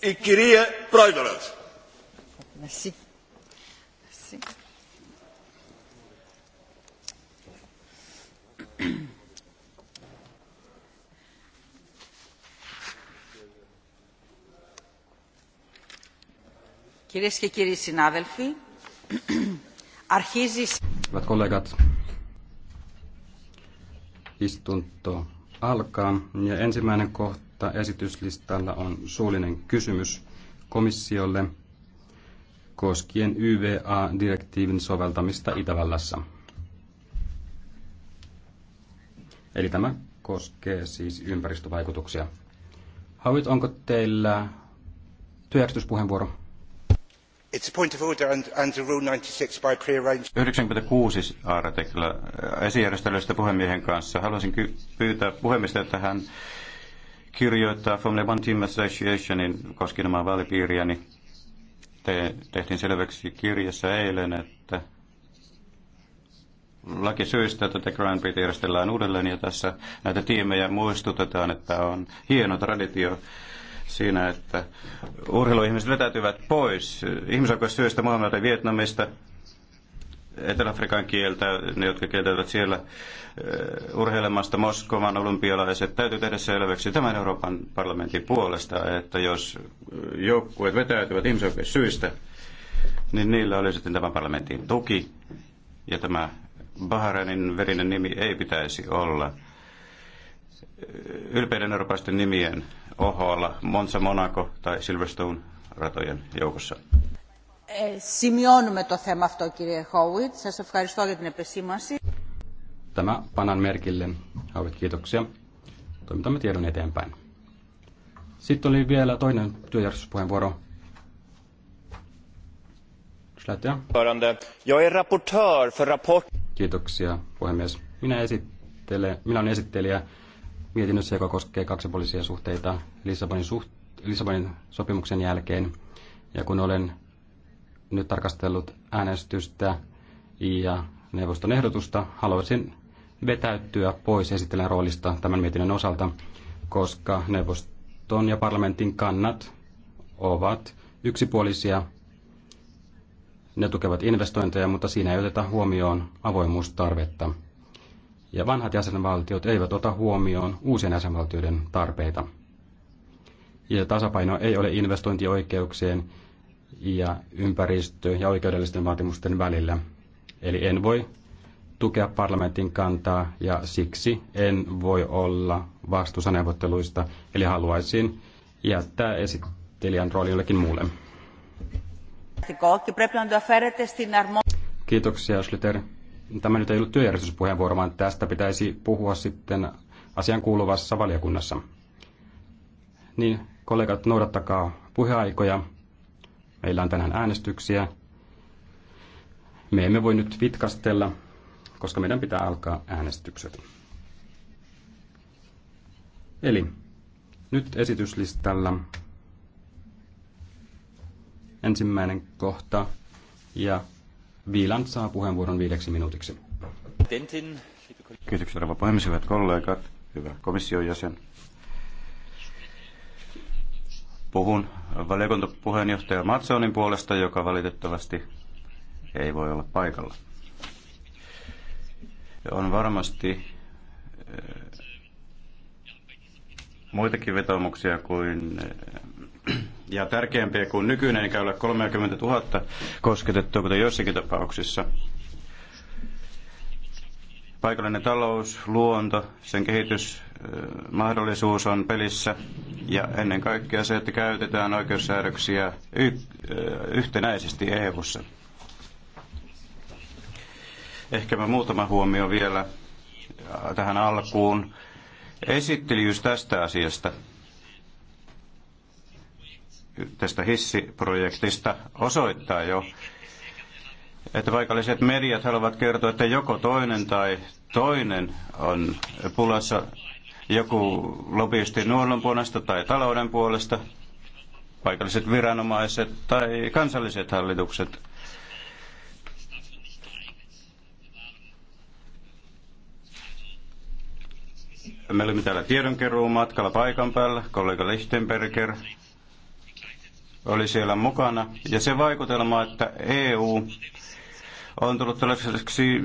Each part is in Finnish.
Ik kreeg Pruiveruit. Merci. Merci. Κυρίες και κύριοι συνάδελφοι, Istunto alkaa ja ensimmäinen kohta esityslistalla on suullinen kysymys komissiolle koskien YVA-direktiivin soveltamista Itävallassa. Eli tämä koskee siis ympäristövaikutuksia. Hauit, onko teillä työjärjestyspuheenvuoro? It's a point of order under rule 96 by prearranged. 96 artikla esijärjestelystä puhemiehen kanssa. Haluaisin pyytää puhemiestä, että hän kirjoittaa Formula One Team Associationin koskien omaa vaalipiiriäni. Niin te, tehtiin selväksi kirjassa eilen, että laki syystä The Grand Prix järjestellään uudelleen ja tässä näitä tiimejä muistutetaan, että on hieno traditio siinä, että urheiluihmiset vetäytyvät pois ihmisoikeussyistä maailmalta Vietnamista, Etelä-Afrikan kieltä, ne jotka kieltäytyvät siellä eh, urheilemasta Moskovan olympialaiset. Täytyy tehdä selväksi tämän Euroopan parlamentin puolesta, että jos eh, joukkueet vetäytyvät ihmisoikeussyistä, niin niillä oli sitten tämän parlamentin tuki. Ja tämä Baharanin verinen nimi ei pitäisi olla eh, ylpeiden eurooppalaisten nimien OHlla Monza Monaco tai Silverstone ratojen joukossa. Σημειώνουμε το θέμα αυτό, κύριε Χόουιτ. Σας ευχαριστώ για την επεσήμανση. Tämä panan merkille. Hauit, kiitoksia. Toimitamme tiedon eteenpäin. Sitten oli vielä toinen työjärjestyspuheenvuoro. Slätiä. Jag är rapportör för rapport... Kiitoksia, puhemies. Minä, esittele, minä olen esittelijä mietinnössä, joka koskee kaksipuolisia suhteita Lissabonin, suht, Lissabonin sopimuksen jälkeen. Ja kun olen nyt tarkastellut äänestystä ja neuvoston ehdotusta, haluaisin vetäytyä pois esittelen roolista tämän mietinnön osalta, koska neuvoston ja parlamentin kannat ovat yksipuolisia. Ne tukevat investointeja, mutta siinä ei oteta huomioon avoimuustarvetta ja vanhat jäsenvaltiot eivät ota huomioon uusien jäsenvaltioiden tarpeita. Ja tasapaino ei ole investointioikeuksien ja ympäristö- ja oikeudellisten vaatimusten välillä. Eli en voi tukea parlamentin kantaa ja siksi en voi olla vastuussa neuvotteluista, eli haluaisin jättää esittelijän rooli jollekin muulle. Kiitoksia, Schlüter tämä nyt ei ollut työjärjestyspuheenvuoro, vaan tästä pitäisi puhua sitten asian kuuluvassa valiokunnassa. Niin, kollegat, noudattakaa puheaikoja. Meillä on tänään äänestyksiä. Me emme voi nyt vitkastella, koska meidän pitää alkaa äänestykset. Eli nyt esityslistalla ensimmäinen kohta ja Viilan saa puheenvuoron viideksi minuutiksi. Kiitoksia, rouva puhemies, hyvät kollegat, hyvä komission jäsen. Puhun valiokuntapuheenjohtaja Matsonin puolesta, joka valitettavasti ei voi olla paikalla. On varmasti eh, muitakin vetomuksia kuin eh, ja tärkeämpiä kuin nykyinen, eikä ole 30 000 kosketettua, kuten joissakin tapauksissa. Paikallinen talous, luonto, sen kehitysmahdollisuus on pelissä ja ennen kaikkea se, että käytetään oikeussäädöksiä y- yhtenäisesti EU-ssa. mä muutama huomio vielä tähän alkuun. Esittelijys tästä asiasta tästä hissiprojektista osoittaa jo, että paikalliset mediat haluavat kertoa, että joko toinen tai toinen on pulassa joku lobbyisti nuollon puolesta tai talouden puolesta, paikalliset viranomaiset tai kansalliset hallitukset. Me olimme täällä tiedonkeruun matkalla paikan päällä, kollega Lichtenberger oli siellä mukana. Ja se vaikutelma, että EU on tullut tällaiseksi,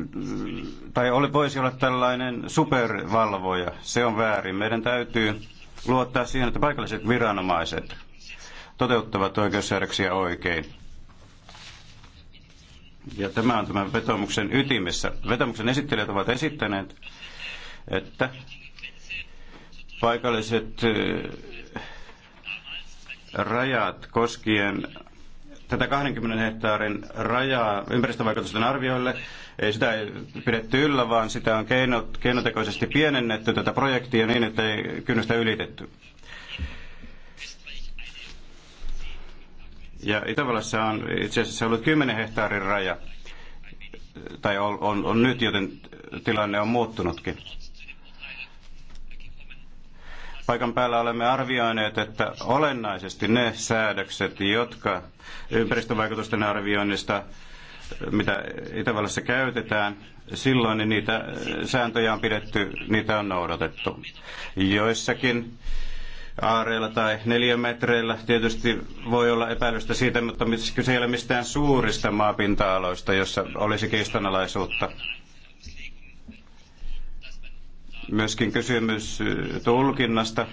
tai oli, voisi olla tällainen supervalvoja, se on väärin. Meidän täytyy luottaa siihen, että paikalliset viranomaiset toteuttavat oikeussäädöksiä oikein. Ja tämä on tämän vetomuksen ytimessä. Vetomuksen esittelijät ovat esittäneet, että paikalliset rajat koskien tätä 20 hehtaarin rajaa ympäristövaikutusten arvioille. Ei sitä ei pidetty yllä, vaan sitä on keinot, keinotekoisesti pienennetty tätä projektia niin, että ei kynnystä ylitetty. Ja Itävallassa on itse asiassa ollut 10 hehtaarin raja, tai on, on, on nyt, joten tilanne on muuttunutkin paikan päällä olemme arvioineet, että olennaisesti ne säädökset, jotka ympäristövaikutusten arvioinnista mitä Itävallassa käytetään, silloin niin niitä sääntöjä on pidetty, niitä on noudatettu. Joissakin aareilla tai neliömetreillä tietysti voi olla epäilystä siitä, mutta kyse ei ole mistään suurista maapinta-aloista, jossa olisi kiistanalaisuutta Myöskin kysymys tulkinnasta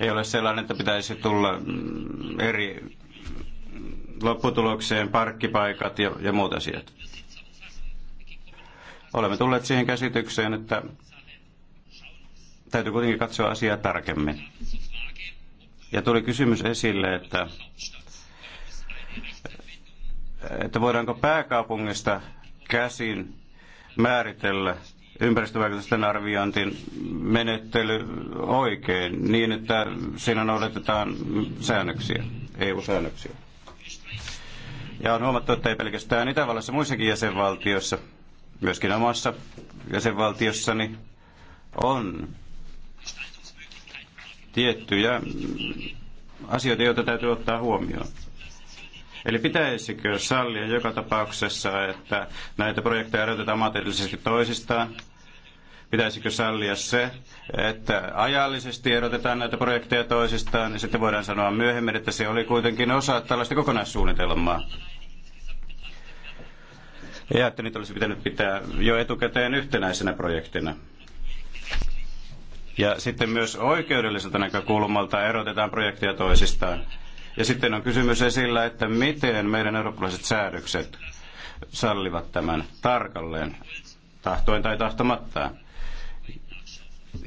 ei ole sellainen, että pitäisi tulla mm, eri lopputulokseen parkkipaikat ja, ja muut asiat. Olemme tulleet siihen käsitykseen, että täytyy kuitenkin katsoa asiaa tarkemmin. Ja tuli kysymys esille, että, että voidaanko pääkaupungista käsin määritellä ympäristövaikutusten arviointin menettely oikein niin, että siinä noudatetaan säännöksiä, EU-säännöksiä. Ja on huomattu, että ei pelkästään Itävallassa, muissakin jäsenvaltioissa, myöskin omassa jäsenvaltiossani, on tiettyjä asioita, joita täytyy ottaa huomioon. Eli pitäisikö sallia joka tapauksessa, että näitä projekteja erotetaan materiaalisesti toisistaan? Pitäisikö sallia se, että ajallisesti erotetaan näitä projekteja toisistaan niin sitten voidaan sanoa myöhemmin, että se oli kuitenkin osa tällaista kokonaissuunnitelmaa? Ja että niitä olisi pitänyt pitää jo etukäteen yhtenäisenä projektina. Ja sitten myös oikeudelliselta näkökulmalta erotetaan projekteja toisistaan. Ja sitten on kysymys esillä, että miten meidän eurooppalaiset säädökset sallivat tämän tarkalleen, tahtoin tai tahtomattaan.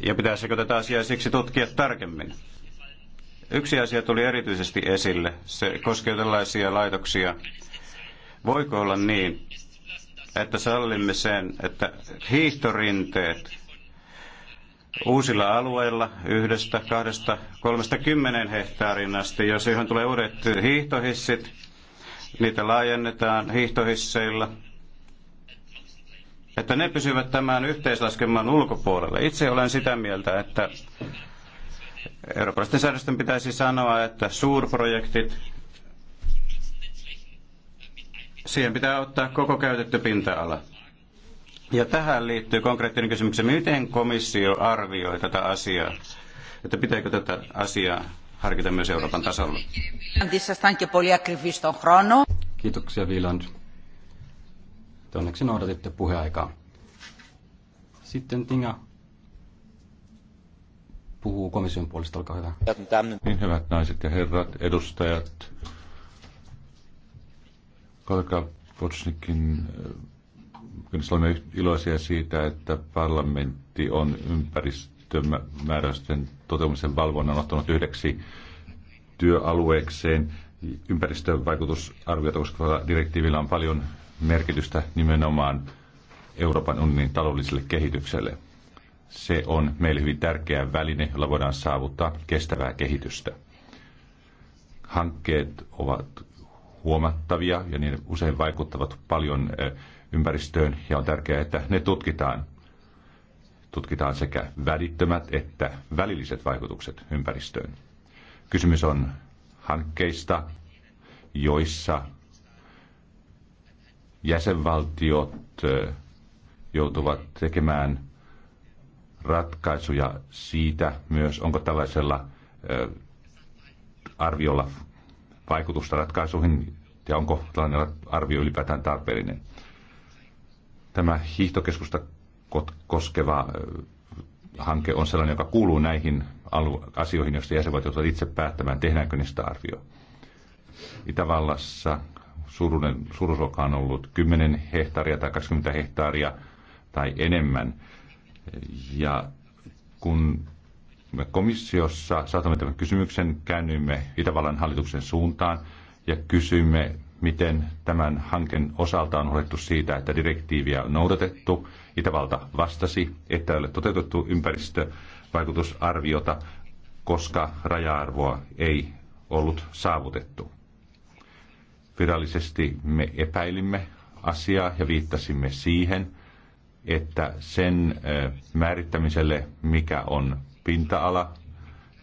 Ja pitäisikö tätä asiaa siksi tutkia tarkemmin? Yksi asia tuli erityisesti esille. Se koskee tällaisia laitoksia. Voiko olla niin, että sallimme sen, että hiihtorinteet uusilla alueilla yhdestä, kahdesta, kolmesta kymmenen hehtaarin asti, jos siihen tulee uudet hiihtohissit, niitä laajennetaan hiihtohisseilla, että ne pysyvät tämän yhteislaskelman ulkopuolella. Itse olen sitä mieltä, että eurooppalaisten säädösten pitäisi sanoa, että suurprojektit, siihen pitää ottaa koko käytetty pinta-ala. Ja tähän liittyy konkreettinen kysymys, miten komissio arvioi tätä asiaa, että pitääkö tätä asiaa harkita myös Euroopan tasolla. Kiitoksia Viland. onneksi noudatitte puheaikaa. Sitten Tinga puhuu komission puolesta, olkaa hyvä. Niin hyvät naiset ja herrat, edustajat, kollega Potsnikin Kyllä olemme iloisia siitä, että parlamentti on ympäristömääräysten toteutumisen valvonnan ottanut yhdeksi työalueekseen. Ympäristövaikutusarviota koskevalla direktiivillä on paljon merkitystä nimenomaan Euroopan unionin taloudelliselle kehitykselle. Se on meille hyvin tärkeä väline, jolla voidaan saavuttaa kestävää kehitystä. Hankkeet ovat huomattavia ja niin usein vaikuttavat paljon eh, ympäristöön ja on tärkeää, että ne tutkitaan. Tutkitaan sekä välittömät että välilliset vaikutukset ympäristöön. Kysymys on hankkeista, joissa jäsenvaltiot joutuvat tekemään ratkaisuja siitä myös, onko tällaisella arviolla vaikutusta ratkaisuihin ja onko tällainen arvio ylipäätään tarpeellinen. Tämä hiihtokeskusta koskeva hanke on sellainen, joka kuuluu näihin asioihin, joista jäsenvaltiot joutuvat itse päättämään, tehdäänkö niistä arvio. Itävallassa surunen, on ollut 10 hehtaaria tai 20 hehtaaria tai enemmän. Ja kun me komissiossa saatamme tämän kysymyksen, käännyimme Itävallan hallituksen suuntaan ja kysyimme miten tämän hanken osalta on huolettu siitä, että direktiiviä on noudatettu. Itävalta vastasi, että ei ole toteutettu ympäristövaikutusarviota, koska raja-arvoa ei ollut saavutettu. Virallisesti me epäilimme asiaa ja viittasimme siihen, että sen määrittämiselle, mikä on pinta-ala,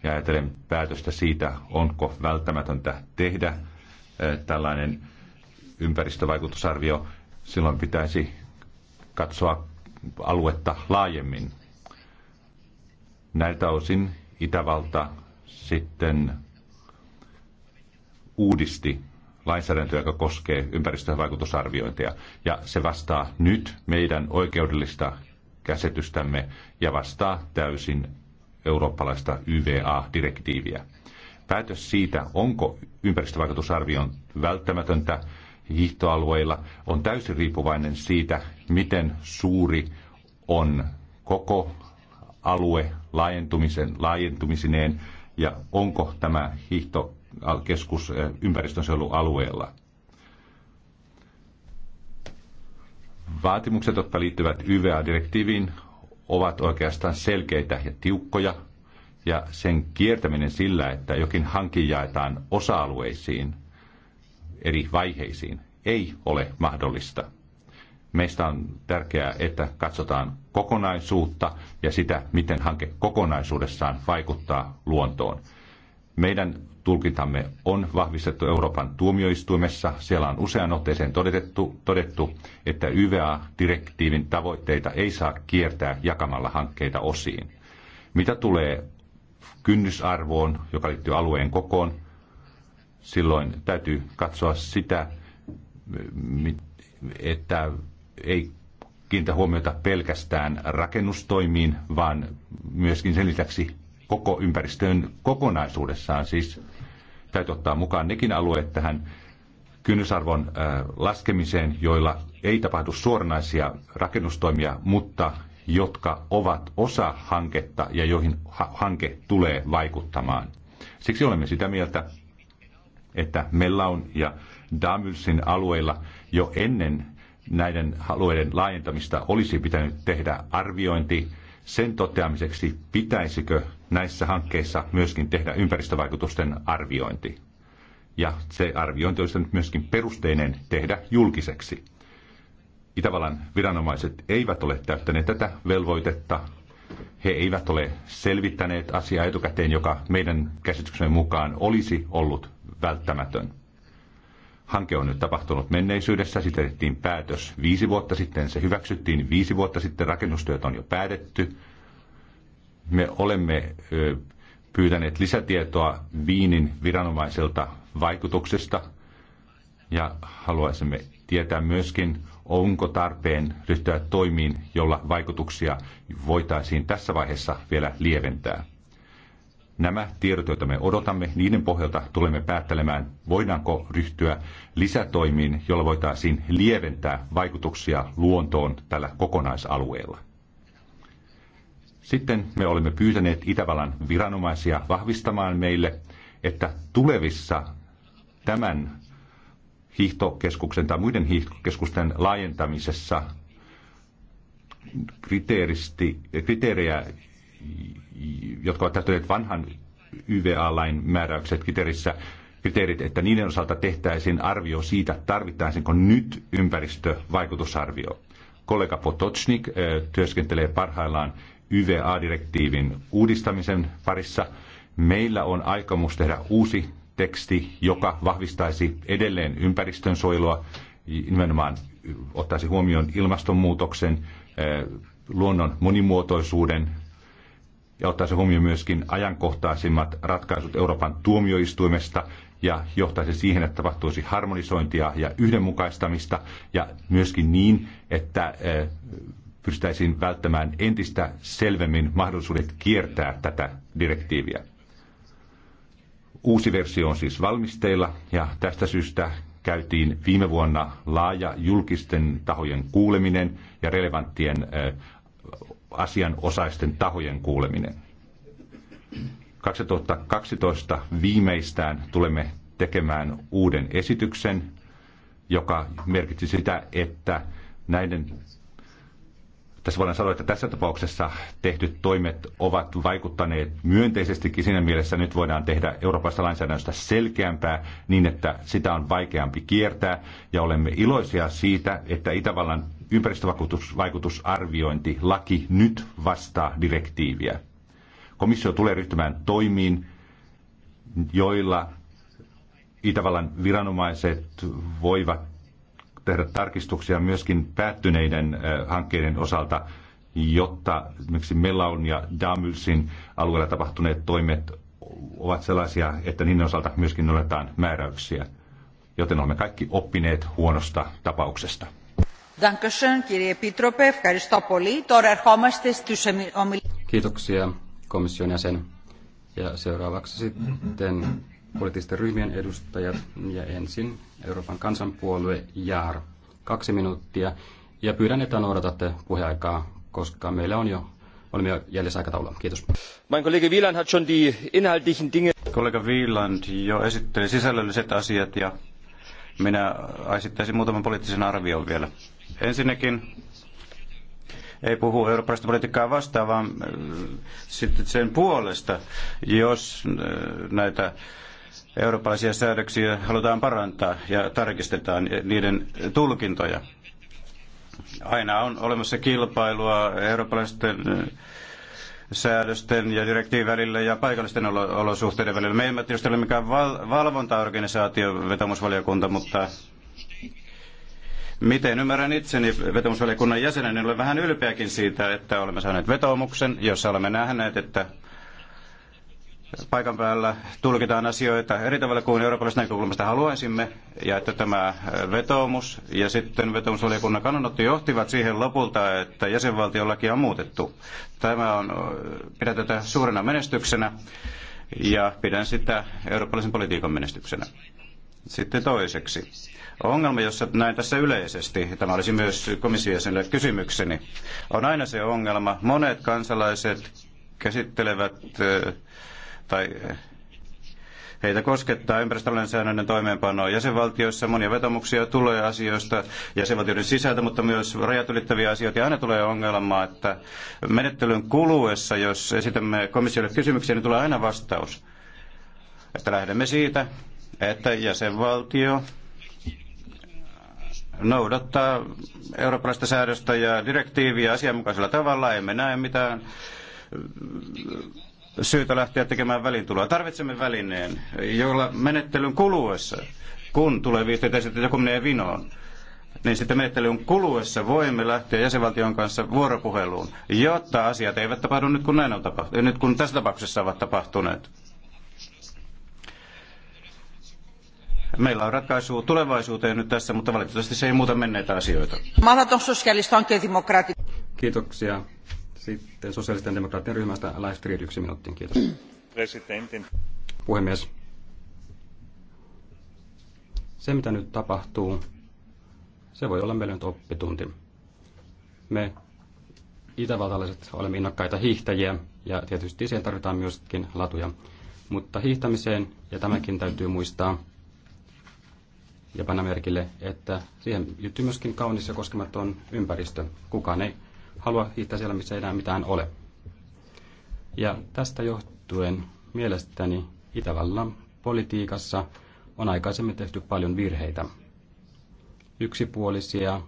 ja ajatellen päätöstä siitä, onko välttämätöntä tehdä Eh, tällainen ympäristövaikutusarvio, silloin pitäisi katsoa aluetta laajemmin. Näiltä osin Itävalta sitten uudisti lainsäädäntöä, joka koskee ympäristövaikutusarviointia. Ja se vastaa nyt meidän oikeudellista käsitystämme ja vastaa täysin eurooppalaista YVA-direktiiviä. Päätös siitä, onko ympäristövaikutusarvion välttämätöntä hiihtoalueilla, on täysin riippuvainen siitä, miten suuri on koko alue laajentumisen, laajentumisineen ja onko tämä hiihtokeskus eh, ympäristönsuojelualueella. Vaatimukset, jotka liittyvät YVA-direktiiviin, ovat oikeastaan selkeitä ja tiukkoja, ja sen kiertäminen sillä, että jokin hanki jaetaan osa-alueisiin, eri vaiheisiin, ei ole mahdollista. Meistä on tärkeää, että katsotaan kokonaisuutta ja sitä, miten hanke kokonaisuudessaan vaikuttaa luontoon. Meidän tulkintamme on vahvistettu Euroopan tuomioistuimessa. Siellä on usean otteeseen todettu, todettu että YVA-direktiivin tavoitteita ei saa kiertää jakamalla hankkeita osiin. Mitä tulee kynnysarvoon, joka liittyy alueen kokoon, silloin täytyy katsoa sitä, että ei kiinnitä huomiota pelkästään rakennustoimiin, vaan myöskin sen lisäksi koko ympäristön kokonaisuudessaan. Siis täytyy ottaa mukaan nekin alueet tähän kynnysarvon äh, laskemiseen, joilla ei tapahdu suoranaisia rakennustoimia, mutta jotka ovat osa hanketta ja joihin hanke tulee vaikuttamaan. Siksi olemme sitä mieltä, että Mellaun ja Damylsin alueilla jo ennen näiden alueiden laajentamista olisi pitänyt tehdä arviointi sen toteamiseksi, pitäisikö näissä hankkeissa myöskin tehdä ympäristövaikutusten arviointi. Ja se arviointi olisi nyt myöskin perusteinen tehdä julkiseksi. Itävallan viranomaiset eivät ole täyttäneet tätä velvoitetta. He eivät ole selvittäneet asiaa etukäteen, joka meidän käsityksemme mukaan olisi ollut välttämätön. Hanke on nyt tapahtunut menneisyydessä, siitä tehtiin päätös viisi vuotta sitten, se hyväksyttiin viisi vuotta sitten, rakennustyöt on jo päätetty. Me olemme pyytäneet lisätietoa Viinin viranomaiselta vaikutuksesta ja haluaisimme tietää myöskin, onko tarpeen ryhtyä toimiin, jolla vaikutuksia voitaisiin tässä vaiheessa vielä lieventää. Nämä tiedot, joita me odotamme, niiden pohjalta tulemme päättelemään, voidaanko ryhtyä lisätoimiin, jolla voitaisiin lieventää vaikutuksia luontoon tällä kokonaisalueella. Sitten me olemme pyytäneet Itävallan viranomaisia vahvistamaan meille, että tulevissa tämän hiihtokeskuksen tai muiden hiihtokeskusten laajentamisessa kriteeristi, kriteerejä, jotka ovat täyttäneet vanhan YVA-lain määräykset kriteerissä, kriteerit, että niiden osalta tehtäisiin arvio siitä, tarvittaisinko nyt ympäristövaikutusarvio. Kollega Potocnik eh, työskentelee parhaillaan YVA-direktiivin uudistamisen parissa. Meillä on aikomus tehdä uusi teksti, joka vahvistaisi edelleen ympäristönsuojelua, nimenomaan ottaisi huomioon ilmastonmuutoksen, eh, luonnon monimuotoisuuden ja ottaisi huomioon myöskin ajankohtaisimmat ratkaisut Euroopan tuomioistuimesta ja johtaisi siihen, että tapahtuisi harmonisointia ja yhdenmukaistamista ja myöskin niin, että eh, pystyttäisiin välttämään entistä selvemmin mahdollisuudet kiertää tätä direktiiviä. Uusi versio on siis valmisteilla ja tästä syystä käytiin viime vuonna laaja julkisten tahojen kuuleminen ja relevanttien asianosaisten tahojen kuuleminen. 2012 viimeistään tulemme tekemään uuden esityksen, joka merkitsi sitä, että näiden tässä voidaan sanoa, että tässä tapauksessa tehdyt toimet ovat vaikuttaneet myönteisestikin siinä mielessä, nyt voidaan tehdä Euroopasta lainsäädännöstä selkeämpää niin, että sitä on vaikeampi kiertää. Ja olemme iloisia siitä, että Itävallan ympäristövaikutusarviointi laki nyt vastaa direktiiviä. Komissio tulee ryhtymään toimiin, joilla Itävallan viranomaiset voivat tehdä tarkistuksia myöskin päättyneiden hankkeiden osalta, jotta esimerkiksi Melaun ja Damylsin alueella tapahtuneet toimet ovat sellaisia, että niiden osalta myöskin noudatetaan määräyksiä. Joten olemme kaikki oppineet huonosta tapauksesta. Kiitoksia komission jäsen. Ja seuraavaksi sitten poliittisten ryhmien edustajat ja ensin Euroopan kansanpuolue JAR. Kaksi minuuttia ja pyydän, että noudatatte puheaikaa, koska meillä on jo olemme jäljessä aikataulua. Kiitos. Mein Kollege Wieland hat schon die inhaltlichen Dinge. Kollega Wieland jo esitteli sisällölliset asiat ja minä esittäisin muutaman poliittisen arvion vielä. Ensinnäkin ei puhu eurooppalaista politiikkaa vastaan, vaan äh, sitten sen puolesta, jos äh, näitä eurooppalaisia säädöksiä halutaan parantaa ja tarkistetaan niiden tulkintoja. Aina on olemassa kilpailua eurooppalaisten äh, säädösten ja direktiivin välillä ja paikallisten olosuhteiden välillä. Me emme tietysti ole mikään val- valvontaorganisaatio, vetomusvaliokunta, mutta miten ymmärrän itseni vetomusvaliokunnan jäsenen, niin olen vähän ylpeäkin siitä, että olemme saaneet vetomuksen, jossa olemme nähneet, että paikan päällä tulkitaan asioita eri tavalla kuin eurooppalaisesta näkökulmasta haluaisimme, ja että tämä äh, vetoomus ja sitten vetoomusvaliokunnan kannanotto johtivat siihen lopulta, että jäsenvaltiolakia on muutettu. Tämä on, äh, pidän tätä suurena menestyksenä, ja pidän sitä eurooppalaisen politiikan menestyksenä. Sitten toiseksi. Ongelma, jossa näin tässä yleisesti, tämä olisi myös komissiojäsenille kysymykseni, on aina se ongelma. Monet kansalaiset käsittelevät äh, tai eh, heitä koskettaa ympäristölainsäädännön toimeenpano. jäsenvaltioissa. Monia vetomuksia tulee asioista jäsenvaltioiden sisältä, mutta myös rajat ylittäviä asioita. Ja aina tulee ongelma, että menettelyn kuluessa, jos esitämme komissiolle kysymyksiä, niin tulee aina vastaus. Että lähdemme siitä, että jäsenvaltio noudattaa eurooppalaista säädöstä ja direktiiviä asianmukaisella tavalla. Emme näe mitään syytä lähteä tekemään välintuloa. Tarvitsemme välineen, jolla menettelyn kuluessa, kun tulee viisteitä että joku menee vinoon, niin sitten menettelyn kuluessa voimme lähteä jäsenvaltion kanssa vuoropuheluun, jotta asiat eivät tapahdu nyt kun, näin on tapahtunut, nyt kun tässä tapauksessa ovat tapahtuneet. Meillä on ratkaisu tulevaisuuteen nyt tässä, mutta valitettavasti se ei muuta menneitä asioita. Kiitoksia. Sitten sosiaalisten demokraattien ryhmästä yksi Kiitos. Presidentin. Puhemies. Se, mitä nyt tapahtuu, se voi olla meille nyt oppitunti. Me itävaltalaiset olemme innokkaita hiihtäjiä ja tietysti siihen tarvitaan myöskin latuja. Mutta hiihtämiseen, ja tämäkin täytyy muistaa ja panna merkille, että siihen liittyy myöskin kaunis ja koskematon ympäristö. Kukaan ei halua hiihtää siellä, missä ei enää mitään ole. Ja tästä johtuen mielestäni Itävallan politiikassa on aikaisemmin tehty paljon virheitä. Yksipuolisia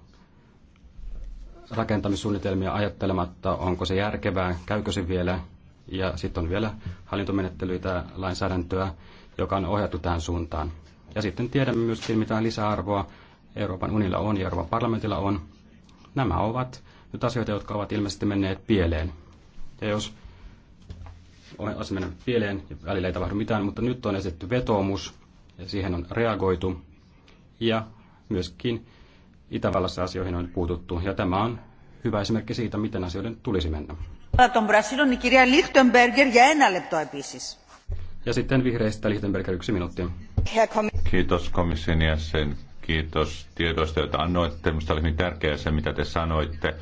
rakentamissuunnitelmia ajattelematta, onko se järkevää, käykö se vielä, ja sitten on vielä hallintomenettelyitä lainsäädäntöä, joka on ohjattu tähän suuntaan. Ja sitten tiedämme myöskin, mitä lisäarvoa Euroopan unilla on ja Euroopan parlamentilla on. Nämä ovat nyt asioita, jotka ovat ilmeisesti menneet pieleen. Ja jos on asia mennyt pieleen, välillä ei tapahdu mitään, mutta nyt on esitetty vetoomus ja siihen on reagoitu. Ja myöskin Itävallassa asioihin on puututtu ja tämä on hyvä esimerkki siitä, miten asioiden tulisi mennä. Ja sitten vihreistä Lichtenberger yksi minuutti. Kiitos komission jäsen, kiitos tiedoista, joita annoitte. Minusta oli hyvin tärkeää se, mitä te sanoitte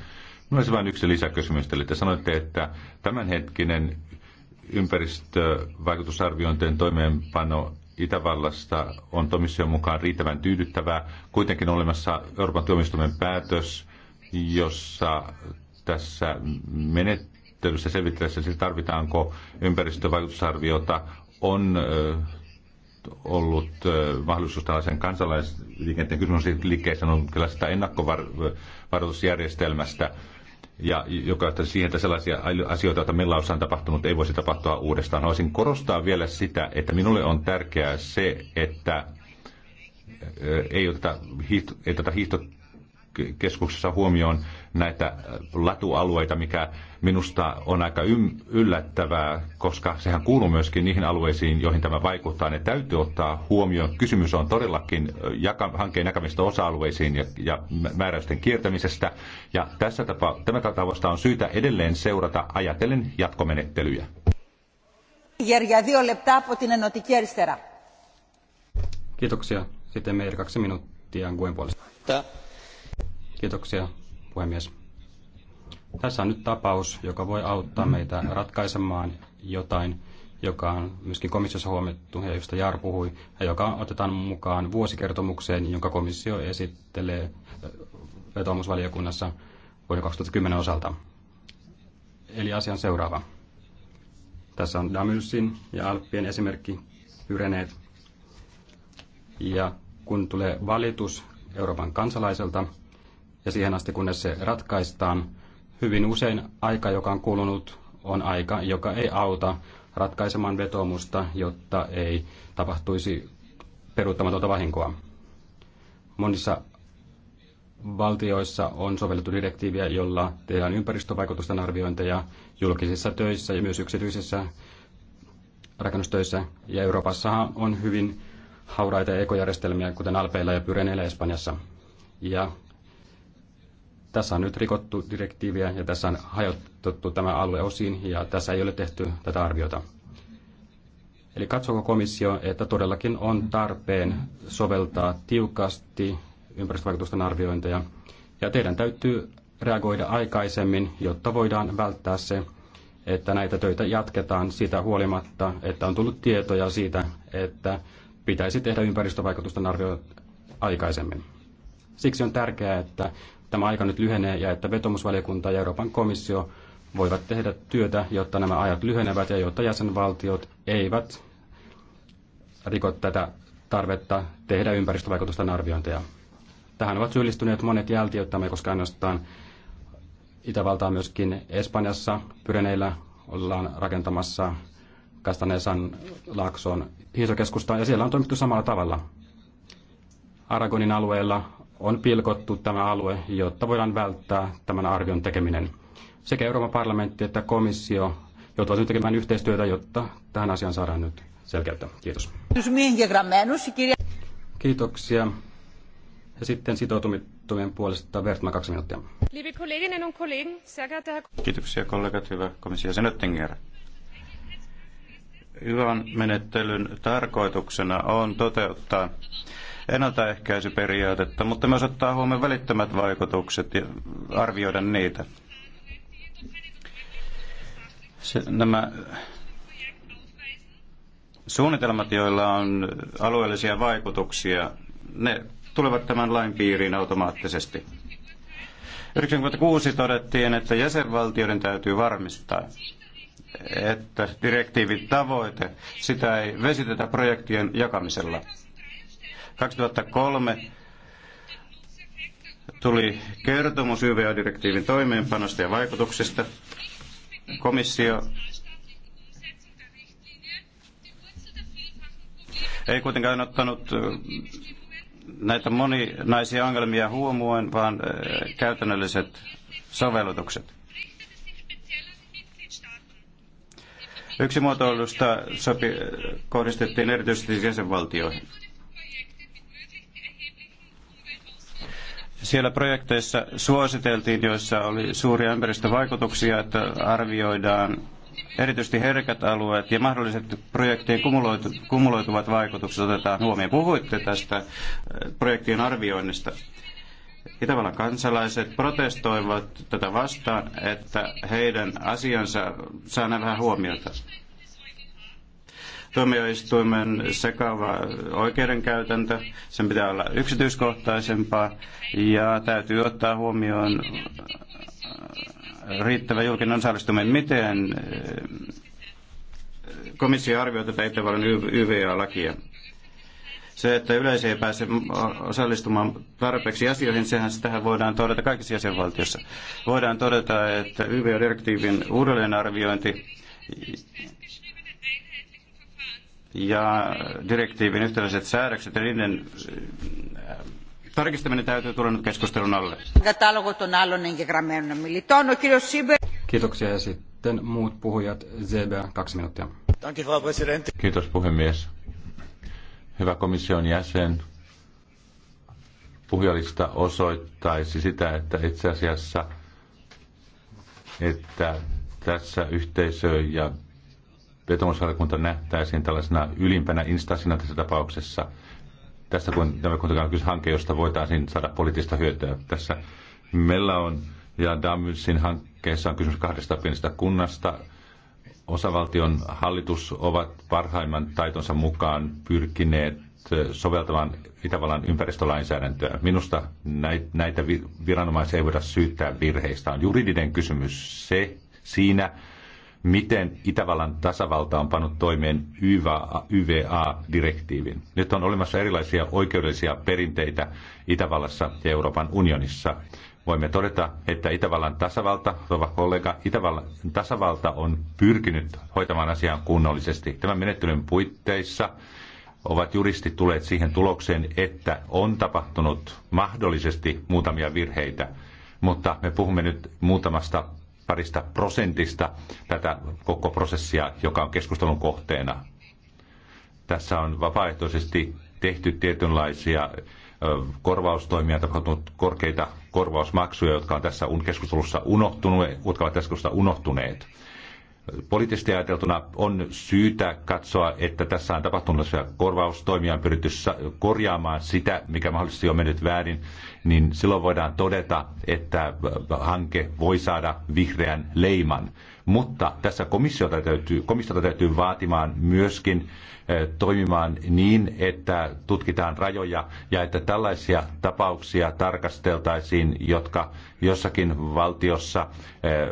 Minulla olisi vain yksi lisäkysymys. Eli te sanoitte, että tämänhetkinen ympäristövaikutusarviointien toimeenpano Itävallasta on komission mukaan riittävän tyydyttävää. Kuitenkin olemassa Euroopan tuomioistuimen päätös, jossa tässä menettelyssä selvittäessä siis tarvitaanko ympäristövaikutusarviota, on ollut mahdollisuus tällaisen kansalaisliikenteen kysymysliikkeeseen on kyllä sitä ennakkovaroitusjärjestelmästä ja joka johtaa siihen, että sellaisia asioita, joita meillä on tapahtunut, ei voisi tapahtua uudestaan. Haluaisin no, korostaa vielä sitä, että minulle on tärkeää se, että ei oteta, ei oteta hiihto, keskuksessa huomioon näitä äh, latualueita, mikä minusta on aika yllättävää, koska sehän kuuluu myöskin niihin alueisiin, joihin tämä vaikuttaa. Ne täytyy ottaa huomioon. Kysymys on todellakin äh, jaka, hankkeen jakamista osa-alueisiin ja, ja määräysten kiertämisestä. Ja tässä tapa, tämä tapausta on syytä edelleen seurata ajatellen jatkomenettelyjä. Kiitoksia. Sitten meidän kaksi minuuttia Guen puolesta. Kiitoksia, puhemies. Tässä on nyt tapaus, joka voi auttaa meitä ratkaisemaan jotain, joka on myöskin komissiossa huomattu ja josta Jaar puhui, ja joka otetaan mukaan vuosikertomukseen, jonka komissio esittelee äh, vetoomusvaliokunnassa vuoden 2010 osalta. Eli asia on seuraava. Tässä on Damylsin ja Alppien esimerkki pyreneet. Ja kun tulee valitus Euroopan kansalaiselta, ja siihen asti, kunnes se ratkaistaan, hyvin usein aika, joka on kulunut, on aika, joka ei auta ratkaisemaan vetomusta, jotta ei tapahtuisi peruuttamatonta vahinkoa. Monissa valtioissa on sovellettu direktiiviä, jolla tehdään ympäristövaikutusten arviointeja julkisissa töissä ja myös yksityisissä rakennustöissä. Ja Euroopassahan on hyvin hauraita ekojärjestelmiä, kuten Alpeilla ja Pyreneillä Espanjassa. Ja tässä on nyt rikottu direktiiviä ja tässä on hajotettu tämä alue osiin ja tässä ei ole tehty tätä arviota. Eli katsoko komissio, että todellakin on tarpeen soveltaa tiukasti ympäristövaikutusten arviointeja ja teidän täytyy reagoida aikaisemmin, jotta voidaan välttää se, että näitä töitä jatketaan siitä huolimatta, että on tullut tietoja siitä, että pitäisi tehdä ympäristövaikutusten arvio aikaisemmin. Siksi on tärkeää, että tämä aika nyt lyhenee ja että vetomusvaliokunta ja Euroopan komissio voivat tehdä työtä, jotta nämä ajat lyhenevät ja jotta jäsenvaltiot eivät riko tätä tarvetta tehdä ympäristövaikutusten arviointeja. Tähän ovat syyllistyneet monet jältiöttämme, koska ainoastaan Itävaltaa myöskin Espanjassa Pyreneillä ollaan rakentamassa Kastanesan laaksoon hiisokeskusta ja siellä on toimittu samalla tavalla. Aragonin alueella on pilkottu tämä alue, jotta voidaan välttää tämän arvion tekeminen. Sekä Euroopan parlamentti että komissio joutuvat nyt tekemään yhteistyötä, jotta tähän asiaan saadaan nyt selkeyttä. Kiitos. Kiitoksia. Ja sitten sitoutumattomien puolesta Vertman kaksi minuuttia. Kiitoksia kollegat, hyvä komissio Senöttinger. Hyvän menettelyn tarkoituksena on toteuttaa ennaltaehkäisyperiaatetta, mutta myös ottaa huomioon välittömät vaikutukset ja arvioida niitä. Se, nämä suunnitelmat, joilla on alueellisia vaikutuksia, ne tulevat tämän lain piiriin automaattisesti. 1996 todettiin, että jäsenvaltioiden täytyy varmistaa, että direktiivin tavoite, sitä ei vesitetä projektien jakamisella. 2003 tuli kertomus YVA-direktiivin toimeenpanosta ja vaikutuksista. Komissio ei kuitenkaan ottanut äh, näitä moninaisia ongelmia huomioon, vaan äh, käytännölliset sovellutukset. Yksi muotoilusta sopi, kohdistettiin erityisesti jäsenvaltioihin. Siellä projekteissa suositeltiin, joissa oli suuria ympäristövaikutuksia, että arvioidaan erityisesti herkät alueet ja mahdolliset projektien kumuloitu, kumuloituvat vaikutukset otetaan huomioon. Puhuitte tästä äh, projektien arvioinnista. Itävallan kansalaiset protestoivat tätä vastaan, että heidän asiansa saa näin vähän huomiota tuomioistuimen sekava oikeudenkäytäntö, sen pitää olla yksityiskohtaisempaa ja täytyy ottaa huomioon äh, riittävä julkinen osallistuminen. Miten äh, komissio arvioi tätä Itävallan YVA-lakia? se, että yleisö ei pääse osallistumaan tarpeeksi asioihin, sehän tähän voidaan todeta kaikissa jäsenvaltiossa. Voidaan todeta, että yva direktiivin uudelleenarviointi ja direktiivin yhtäläiset säädökset ja niiden äh, tarkistaminen täytyy tulla nyt keskustelun alle. Kiitoksia ja sitten muut puhujat. Zeber, kaksi minuuttia. Kiitos puhemies. Hyvä komission jäsen. Puhujalista osoittaisi sitä, että itse asiassa että tässä yhteisö ja vetomusvaliokunta nähtäisiin tällaisena ylimpänä instanssina tässä tapauksessa. Tästä kun tämä on kyse hanke, josta voitaisiin saada poliittista hyötyä. Tässä meillä on ja Damysin hankkeessa on kysymys kahdesta pienestä kunnasta. Osavaltion hallitus ovat parhaimman taitonsa mukaan pyrkineet soveltamaan Itävallan ympäristölainsäädäntöä. Minusta näitä viranomaisia ei voida syyttää virheistä. On juridinen kysymys se siinä, miten Itävallan tasavalta on pannut toimeen YVA-direktiivin. Nyt on olemassa erilaisia oikeudellisia perinteitä Itävallassa ja Euroopan unionissa. Voimme todeta, että Itävallan tasavalta, rouva kollega, Itävallan tasavalta on pyrkinyt hoitamaan asiaan kunnollisesti. Tämän menettelyn puitteissa ovat juristit tulleet siihen tulokseen, että on tapahtunut mahdollisesti muutamia virheitä, mutta me puhumme nyt muutamasta parista prosentista tätä koko prosessia, joka on keskustelun kohteena. Tässä on vapaaehtoisesti tehty tietynlaisia korvaustoimia, tapahtunut korkeita korvausmaksuja, jotka on tässä keskustelussa unohtunut, jotka ovat tässä unohtuneet poliittisesti ajateltuna on syytä katsoa, että tässä on tapahtunut korvaustoimia, on pyritty korjaamaan sitä, mikä mahdollisesti on mennyt väärin, niin silloin voidaan todeta, että hanke voi saada vihreän leiman. Mutta tässä komissiota täytyy, komissiota täytyy vaatimaan myöskin eh, toimimaan niin, että tutkitaan rajoja ja että tällaisia tapauksia tarkasteltaisiin, jotka jossakin valtiossa eh,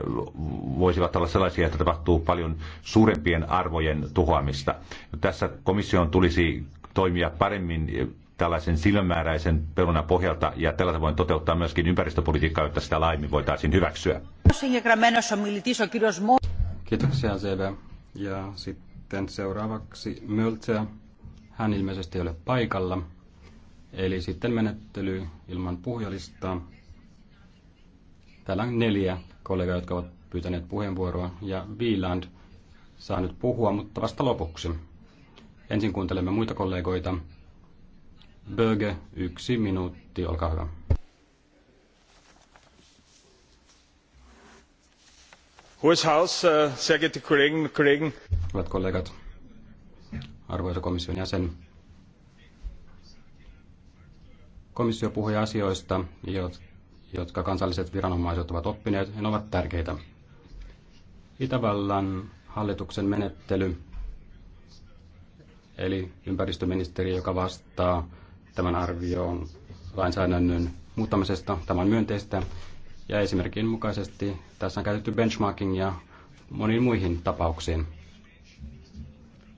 voisivat olla sellaisia, että tapahtuu paljon suurempien arvojen tuhoamista. Tässä komission tulisi toimia paremmin tällaisen silmämääräisen perunan pohjalta ja tällä tavoin toteuttaa myöskin ympäristöpolitiikkaa, jotta sitä laajemmin voitaisiin hyväksyä. Kiitoksia Sebe. Ja sitten seuraavaksi Möltsä. Hän ilmeisesti ei ole paikalla. Eli sitten menettely ilman puhujalistaa. Täällä on neljä kollegaa, jotka ovat pyytäneet puheenvuoroa. Ja Viiland saa nyt puhua, mutta vasta lopuksi. Ensin kuuntelemme muita kollegoita. Böge, yksi minuutti, olkaa hyvä. Hohes Haus, äh, sehr geehrte Kolleginnen und Kollegen. Hyvät kollegat, arvoisa komission jäsen. Komissio puhui asioista, jotka kansalliset viranomaiset ovat oppineet ja ne ovat tärkeitä. Itävallan hallituksen menettely, eli ympäristöministeri, joka vastaa tämän arvioon lainsäädännön muuttamisesta. Tämä on myönteistä ja esimerkin mukaisesti tässä on käytetty benchmarking ja moniin muihin tapauksiin.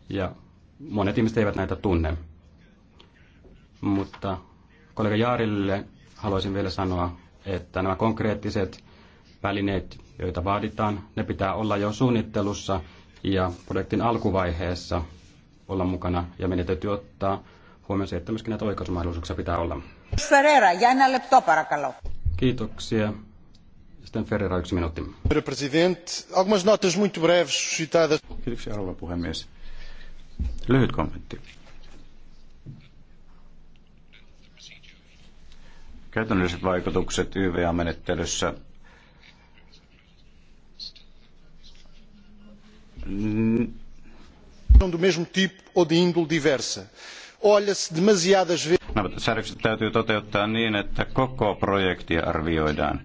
Ja monet ihmiset eivät näitä tunne. Mutta kollega Jaarille haluaisin vielä sanoa, että nämä konkreettiset välineet, joita vaaditaan, ne pitää olla jo suunnittelussa ja projektin alkuvaiheessa olla mukana ja meidän täytyy ottaa huomioon se, että myöskin näitä oikaisumahdollisuuksia pitää olla. Ferreira, jännälle toparakalo. Kiitoksia. Sitten Ferreira, yksi minuutti. Algumas notas muito breves suscitadas. Kiitoksia, arvoa puhemies. Lyhyt kommentti. Käytännölliset vaikutukset YVA-menettelyssä do mesmo tipo ou de índole diversa olha säädökset täytyy toteuttaa niin, että koko projektia arvioidaan.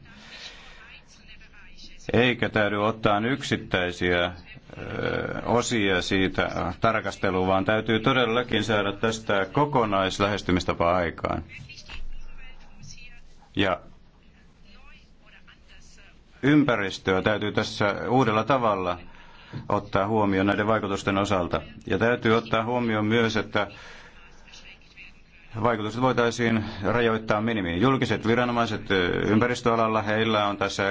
Eikä täydy ottaa yksittäisiä osia siitä tarkasteluun, vaan täytyy todellakin saada tästä kokonaislähestymistapa aikaan. Ja ympäristöä täytyy tässä uudella tavalla ottaa huomioon näiden vaikutusten osalta. Ja täytyy ottaa huomioon myös, että vaikutukset voitaisiin rajoittaa minimiin. Julkiset viranomaiset ympäristöalalla, heillä on tässä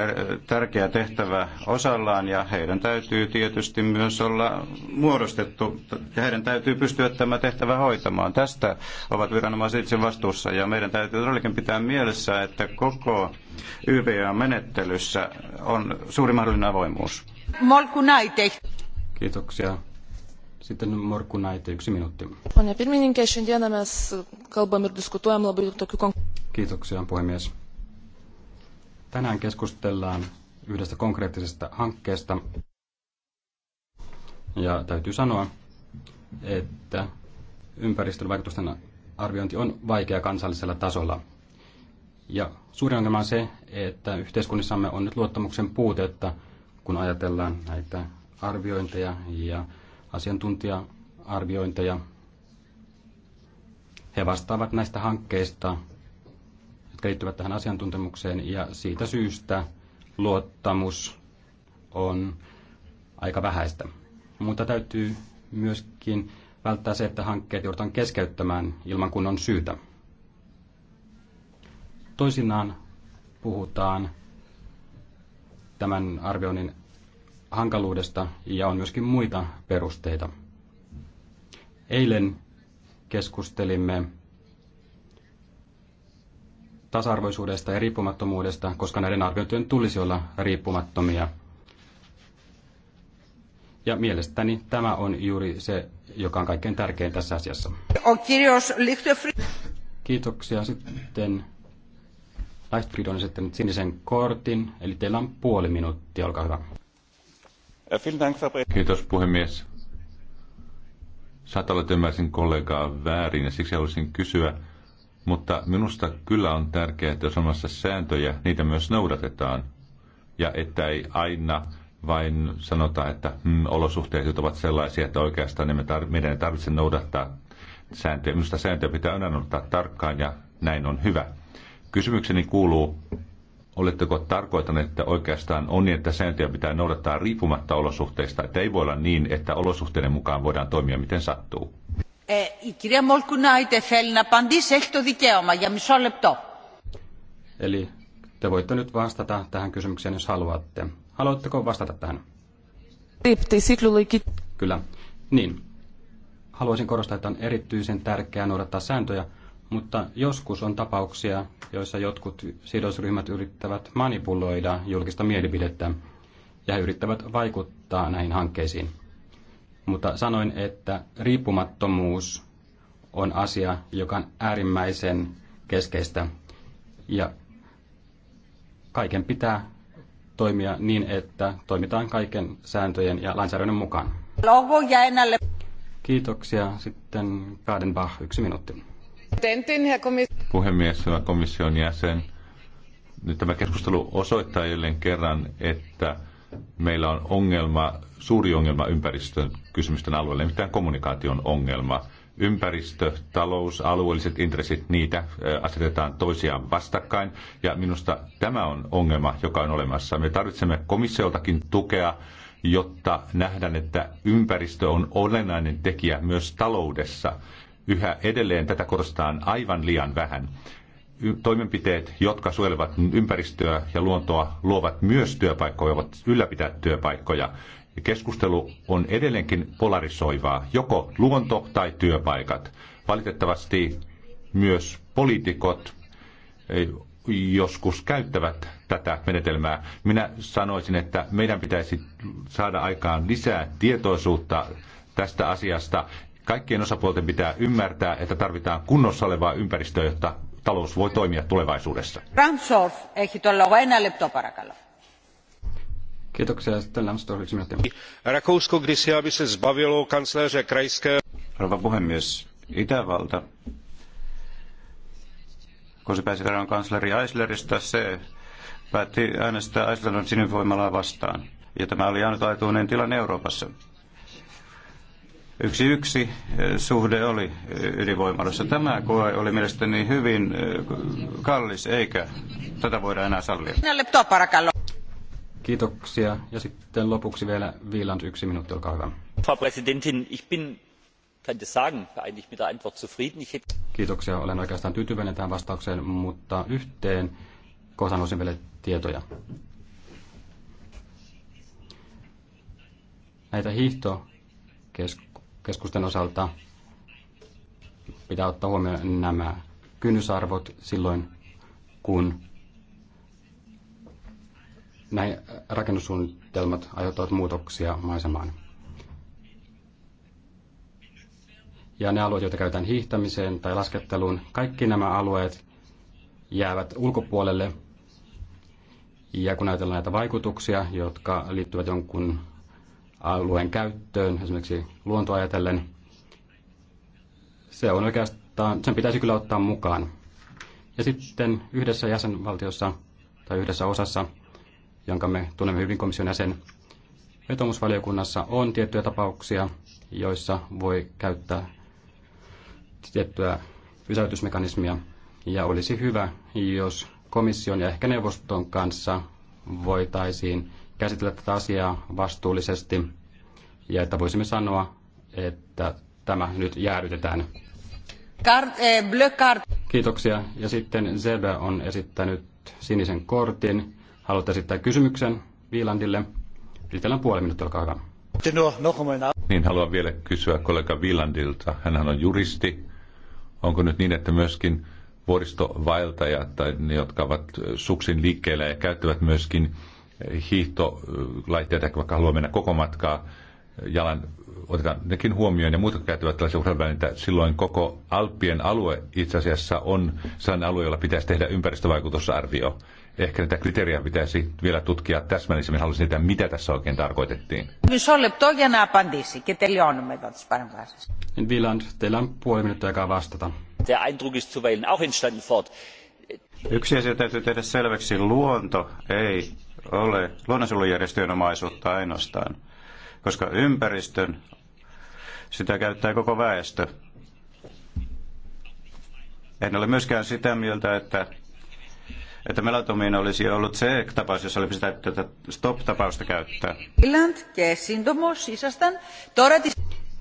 tärkeä tehtävä osallaan ja heidän täytyy tietysti myös olla muodostettu ja heidän täytyy pystyä tämä tehtävä hoitamaan. Tästä ovat viranomaiset itse vastuussa ja meidän täytyy todellakin pitää mielessä, että koko YVA-menettelyssä on suuri mahdollinen avoimuus. Kiitoksia. Sitten Morkkunaite, yksi minuutti. Pane pirmininkė, šiandieną mes kalbam ir diskutuojam labai tokių... Kiitoksia, puhemies. Tänään keskustellaan yhdestä konkreettisesta hankkeesta. Ja täytyy sanoa, että ympäristön vaikutusten arviointi on vaikea kansallisella tasolla. Ja suurin ongelma on se, että yhteiskunnissamme on nyt luottamuksen puutetta, kun ajatellaan näitä arviointeja ja asiantuntija-arviointeja. He vastaavat näistä hankkeista, jotka liittyvät tähän asiantuntemukseen, ja siitä syystä luottamus on aika vähäistä. Mutta täytyy myöskin välttää se, että hankkeet joudutaan keskeyttämään ilman kunnon syytä. Toisinaan puhutaan tämän arvioinnin hankaluudesta ja on myöskin muita perusteita. Eilen keskustelimme tasa-arvoisuudesta ja riippumattomuudesta, koska näiden arviointien tulisi olla riippumattomia. Ja mielestäni tämä on juuri se, joka on kaikkein tärkein tässä asiassa. Kiitoksia sitten. Lightfried on sitten sinisen kortin, eli teillä on puoli minuuttia, olkaa hyvä. Kiitos puhemies. Saattaa olla, että ymmärsin kollegaa väärin ja siksi haluaisin kysyä, mutta minusta kyllä on tärkeää, että jos on sääntöjä, niitä myös noudatetaan. Ja että ei aina vain sanota, että hmm, olosuhteet ovat sellaisia, että oikeastaan me tar- meidän ei tarvitse noudattaa sääntöjä. Minusta sääntöjä pitää aina noudattaa tarkkaan ja näin on hyvä. Kysymykseni kuuluu, Oletteko tarkoitanut, että oikeastaan on niin, että sääntöjä pitää noudattaa riippumatta olosuhteista, että ei voi olla niin, että olosuhteiden mukaan voidaan toimia miten sattuu? Eli te voitte nyt vastata tähän kysymykseen, jos haluatte. Haluatteko vastata tähän? Kyllä. Niin. Haluaisin korostaa, että on erityisen tärkeää noudattaa sääntöjä, mutta joskus on tapauksia, joissa jotkut sidosryhmät yrittävät manipuloida julkista mielipidettä ja he yrittävät vaikuttaa näihin hankkeisiin. Mutta sanoin, että riippumattomuus on asia, joka on äärimmäisen keskeistä. Ja kaiken pitää toimia niin, että toimitaan kaiken sääntöjen ja lainsäädännön mukaan. Kiitoksia. Sitten Kadenbach, yksi minuutti. Puhemies, hyvä komission jäsen. Nyt tämä keskustelu osoittaa jälleen kerran, että meillä on ongelma, suuri ongelma ympäristön kysymysten alueella, nimittäin kommunikaation ongelma. Ympäristö, talous, alueelliset intressit, niitä äh, asetetaan toisiaan vastakkain. Ja minusta tämä on ongelma, joka on olemassa. Me tarvitsemme komissioltakin tukea, jotta nähdään, että ympäristö on olennainen tekijä myös taloudessa yhä edelleen tätä korostetaan aivan liian vähän. Toimenpiteet, jotka suojelevat ympäristöä ja luontoa, luovat myös työpaikkoja, ovat ylläpitää työpaikkoja. Keskustelu on edelleenkin polarisoivaa, joko luonto tai työpaikat. Valitettavasti myös poliitikot eh, joskus käyttävät tätä menetelmää. Minä sanoisin, että meidän pitäisi saada aikaan lisää tietoisuutta tästä asiasta Kaikkien osapuolten pitää ymmärtää, että tarvitaan kunnossa olevaa ympäristöä, jotta talous voi toimia tulevaisuudessa. Ramsdorf, έχει το λόγο. Ένα λεπτό παρακαλώ. Kiitoksia. Sitten Lambsdorff, yksi minuutti. Rakousko, kdysi, aby se zbavilo kansleře krajské... Rouva puhemies, Itävalta, kun se pääsi eroon kansleri Eisleristä, se päätti äänestää Eislerin sinvoimalaa vastaan. Ja tämä oli ainutlaatuinen tilanne Euroopassa. Yksi yksi eh, suhde oli eh, ydinvoimalassa. Tämä koe oli mielestäni hyvin eh, kallis, eikä tätä voida enää sallia. Kiitoksia. Ja sitten lopuksi vielä Viiland yksi minuutti, olkaa hyvä. zufrieden. Kiitoksia. Olen oikeastaan tyytyväinen tähän vastaukseen, mutta yhteen kohtaan olisin vielä tietoja. Näitä hiihtokeskuksia keskusten osalta pitää ottaa huomioon nämä kynnysarvot silloin, kun näin rakennussuunnitelmat aiheuttavat muutoksia maisemaan. Ja ne alueet, joita käytetään hiihtämiseen tai lasketteluun, kaikki nämä alueet jäävät ulkopuolelle. Ja kun ajatellaan näitä vaikutuksia, jotka liittyvät jonkun alueen käyttöön, esimerkiksi luontoajatellen, se on oikeastaan, sen pitäisi kyllä ottaa mukaan. Ja sitten yhdessä jäsenvaltiossa tai yhdessä osassa, jonka me tunnemme hyvin komission jäsen, vetomusvaliokunnassa on tiettyjä tapauksia, joissa voi käyttää tiettyä pysäytysmekanismia. Ja olisi hyvä, jos komission ja ehkä neuvoston kanssa voitaisiin käsitellä tätä asiaa vastuullisesti ja että voisimme sanoa, että tämä nyt jäädytetään. eh, Kiitoksia. Ja sitten Zebe on esittänyt sinisen kortin. Haluat esittää kysymyksen Viilandille. Riitellään puoli minuuttia, olkaa hyvä. Niin, haluan vielä kysyä kollega Viilandilta. Hänhän on juristi. Onko nyt niin, että myöskin vuoristovaeltajat, tai ne, jotka ovat suksin liikkeellä ja käyttävät myöskin hiihtolaitteita, vaikka haluaa mennä koko matkaa jalan, otetaan nekin huomioon ja muut käyttävät tällaisia urheiluvälineitä, silloin koko Alppien alue itse asiassa on sellainen alue, jolla pitäisi tehdä ympäristövaikutusarvio. Ehkä näitä kriteerejä pitäisi vielä tutkia täsmällisemmin. Haluaisin tietää, mitä tässä oikein tarkoitettiin. Wieland, teillä on puoli minuuttia aikaa vastata. Yksi asia täytyy tehdä selväksi. Luonto ei ole luonnonsuojelujärjestöjen omaisuutta ainoastaan, koska ympäristön sitä käyttää koko väestö. En ole myöskään sitä mieltä, että, että melatoniin olisi ollut se tapaus, jossa olisi pitänyt tätä stop-tapausta käyttää.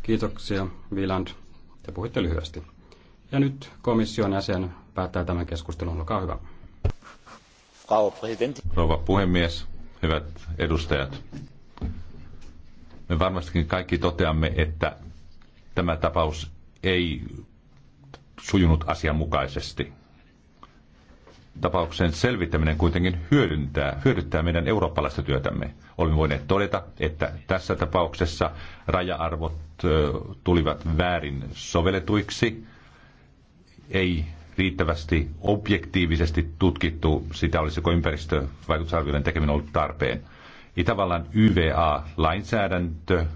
Kiitoksia, Viland. Te puhuitte lyhyesti. Ja nyt komission jäsen päättää tämän keskustelun. Olkaa hyvä. Rouva puhemies, hyvät edustajat. Me varmastikin kaikki toteamme, että tämä tapaus ei sujunut asianmukaisesti. Tapauksen selvittäminen kuitenkin hyödyntää, hyödyttää meidän eurooppalaista työtämme. Olemme voineet todeta, että tässä tapauksessa raja-arvot tulivat väärin sovelletuiksi. Ei riittävästi objektiivisesti tutkittu sitä, olisiko ympäristövaikutusarvioiden tekeminen ollut tarpeen. Itävallan YVA-lainsäädäntö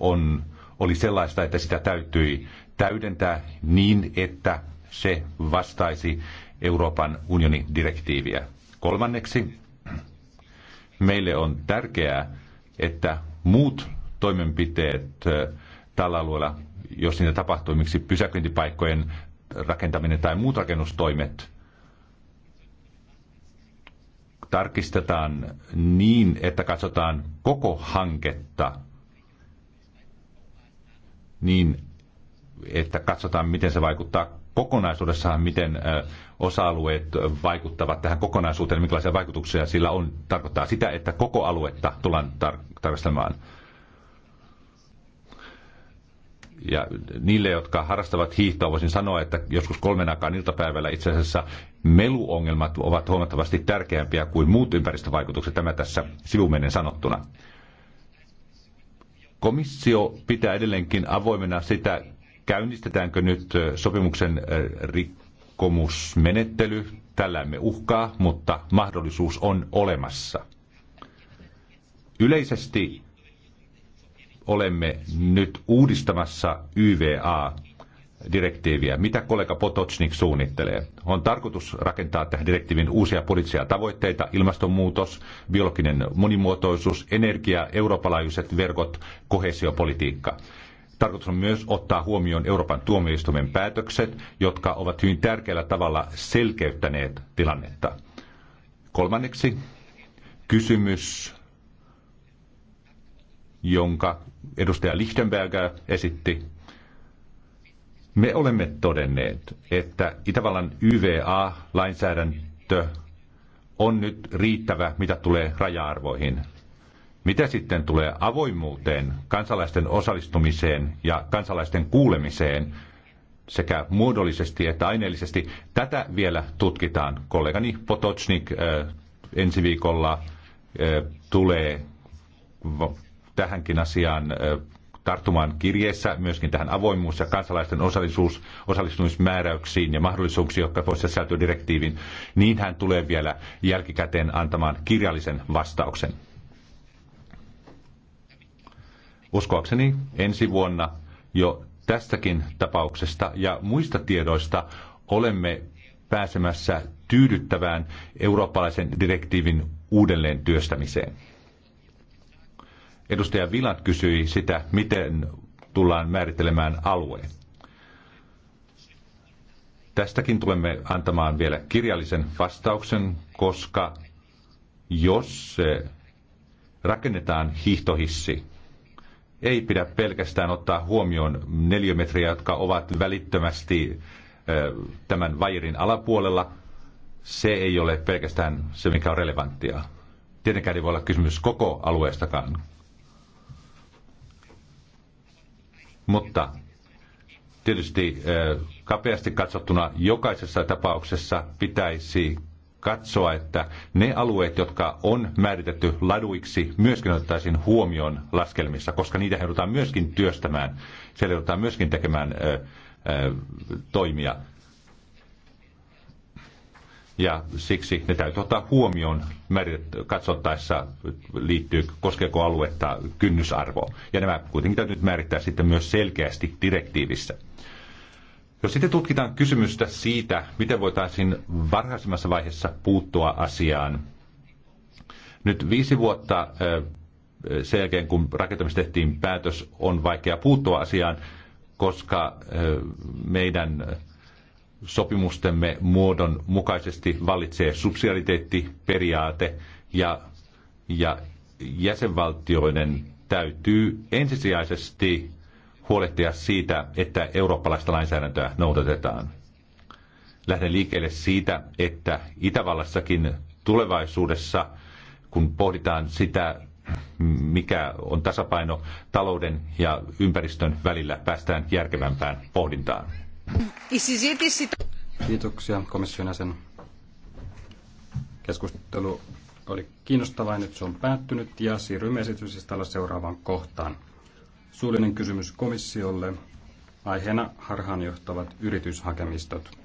on, oli sellaista, että sitä täytyi täydentää niin, että se vastaisi Euroopan unionin direktiiviä. Kolmanneksi, meille on tärkeää, että muut toimenpiteet tällä alueella, jos niitä tapahtuu, miksi pysäköintipaikkojen rakentaminen tai muut rakennustoimet tarkistetaan niin, että katsotaan koko hanketta niin, että katsotaan, miten se vaikuttaa kokonaisuudessaan, miten osa-alueet vaikuttavat tähän kokonaisuuteen, minkälaisia vaikutuksia sillä on. Tarkoittaa sitä, että koko aluetta tullaan tar- tarkastelemaan. ja niille, jotka harrastavat hiihtoa, voisin sanoa, että joskus kolmen aikaan iltapäivällä itse asiassa meluongelmat ovat huomattavasti tärkeämpiä kuin muut ympäristövaikutukset, tämä tässä sivumennen sanottuna. Komissio pitää edelleenkin avoimena sitä, käynnistetäänkö nyt sopimuksen rikkomusmenettely. Tällä emme uhkaa, mutta mahdollisuus on olemassa. Yleisesti olemme nyt uudistamassa YVA direktiiviä. Mitä kollega Potocnik suunnittelee? On tarkoitus rakentaa tähän direktiivin uusia poliittisia tavoitteita, ilmastonmuutos, biologinen monimuotoisuus, energia, eurooppalaiset verkot, kohesiopolitiikka. Tarkoitus on myös ottaa huomioon Euroopan tuomioistuimen päätökset, jotka ovat hyvin tärkeällä tavalla selkeyttäneet tilannetta. Kolmanneksi kysymys jonka edustaja Lichtenberger esitti. Me olemme todenneet, että Itävallan YVA-lainsäädäntö on nyt riittävä, mitä tulee raja-arvoihin. Mitä sitten tulee avoimuuteen, kansalaisten osallistumiseen ja kansalaisten kuulemiseen, sekä muodollisesti että aineellisesti. Tätä vielä tutkitaan. Kollegani Potocnik ensi viikolla tulee tähänkin asiaan tarttumaan kirjeessä myöskin tähän avoimuus- ja kansalaisten osallisuus, osallistumismääräyksiin ja mahdollisuuksiin, jotka voisivat sisältyä direktiiviin, niin hän tulee vielä jälkikäteen antamaan kirjallisen vastauksen. Uskoakseni ensi vuonna jo tästäkin tapauksesta ja muista tiedoista olemme pääsemässä tyydyttävään eurooppalaisen direktiivin uudelleen työstämiseen. Edustaja Vilat kysyi sitä, miten tullaan määrittelemään alue. Tästäkin tulemme antamaan vielä kirjallisen vastauksen, koska jos rakennetaan hiihtohissi, ei pidä pelkästään ottaa huomioon neliömetriä, jotka ovat välittömästi tämän vajerin alapuolella. Se ei ole pelkästään se, mikä on relevanttia. Tietenkään ei voi olla kysymys koko alueestakaan, Mutta tietysti äh, kapeasti katsottuna jokaisessa tapauksessa pitäisi katsoa, että ne alueet, jotka on määritetty laduiksi, myöskin otettaisiin huomioon laskelmissa, koska niitä joudutaan myöskin työstämään. Siellä joudutaan myöskin tekemään ö, äh, ö, äh, toimia ja siksi ne täytyy ottaa huomioon katsottaessa liittyy, koskeeko aluetta kynnysarvo. Ja nämä kuitenkin täytyy nyt määrittää sitten myös selkeästi direktiivissä. Jos sitten tutkitaan kysymystä siitä, miten voitaisiin varhaisemmassa vaiheessa puuttua asiaan. Nyt viisi vuotta sen jälkeen, kun rakentamista tehtiin päätös, on vaikea puuttua asiaan, koska meidän sopimustemme muodon mukaisesti vallitsee subsidiariteettiperiaate ja, ja jäsenvaltioiden täytyy ensisijaisesti huolehtia siitä, että eurooppalaista lainsäädäntöä noudatetaan. Lähden liikkeelle siitä, että Itävallassakin tulevaisuudessa, kun pohditaan sitä, mikä on tasapaino talouden ja ympäristön välillä, päästään järkevämpään pohdintaan. Kiitoksia komission jäsen. Keskustelu oli kiinnostava ja nyt se on päättynyt ja siirrymme esityslistalla seuraavaan kohtaan. Suullinen kysymys komissiolle. Aiheena harhaanjohtavat yrityshakemistot.